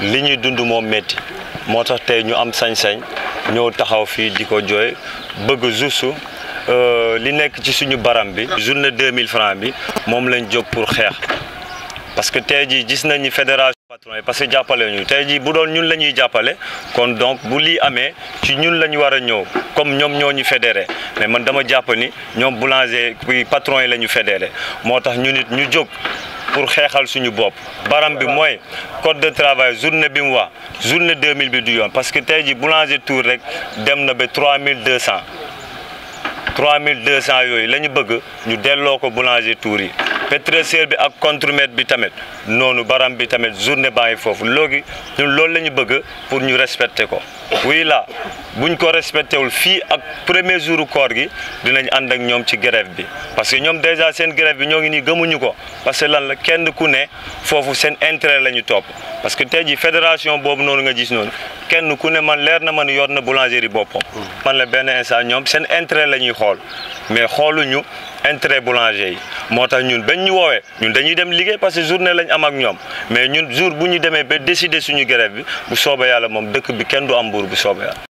li ñuy dund moom métti moo tax tey ñu am sañ-sañ ñëw taxaw fii di ko jooy bëgg juste euh, li nekk ci suñu baram bi journée 2000 francs bi moom lañ jóg pour xeex parce que tey jii gis nañu fédération patron parce que jàppale ñu tey jii bu doon ñun la ñuy jàppale kon donc bu lii amee ci ñun la ñu war a ñëw comme ñoom ñoo ñu fédéré mais man dama jàpp ni ñoom boulanger patron yi la ñu fédéré moo tax ñu it ñu jóg pour xeexal suñu bopp baram bi mooy code de travail journée bi mu wax journée 2000 bi du yoon parce que tey ji boulanger tour rek dem na ba deux 3200 yooyu la ñu bëgg ñu delloo ko boulanger tour yi pétrisseur bi ak contremaître bi tamit noonu baram bi tamit journée baa ngi foofu loogi ñun loolu la ñu bëgg pour ñu respecter ko oui là buñ ko respecté wul fii ak premier jour koor gi dinañ ànd ak ñoom ci grève bi parce que ñoom déjà seen grève bi ñoo ngi nii gëmuñu ko parce que lan la kenn ku ne foofu seen intérêt la ñu topp parce que tey jii fédération boobu noonu nga gis noonu kenn ku ne man leer na man yor na boulangerie boppam. man la benn instant ñoom seen intérêt la ñuy xool mais xooluñu intérêt boulanger yi moo tax ñun bañ ñu woowee ñun dañuy dem liggéey parce que journée lañ am ak ñoom mais ñun jour bu ñu demee ba décider suñu grève bi bu soobee yàlla moom dëkk bi kenn du am buur bu soobee yàlla.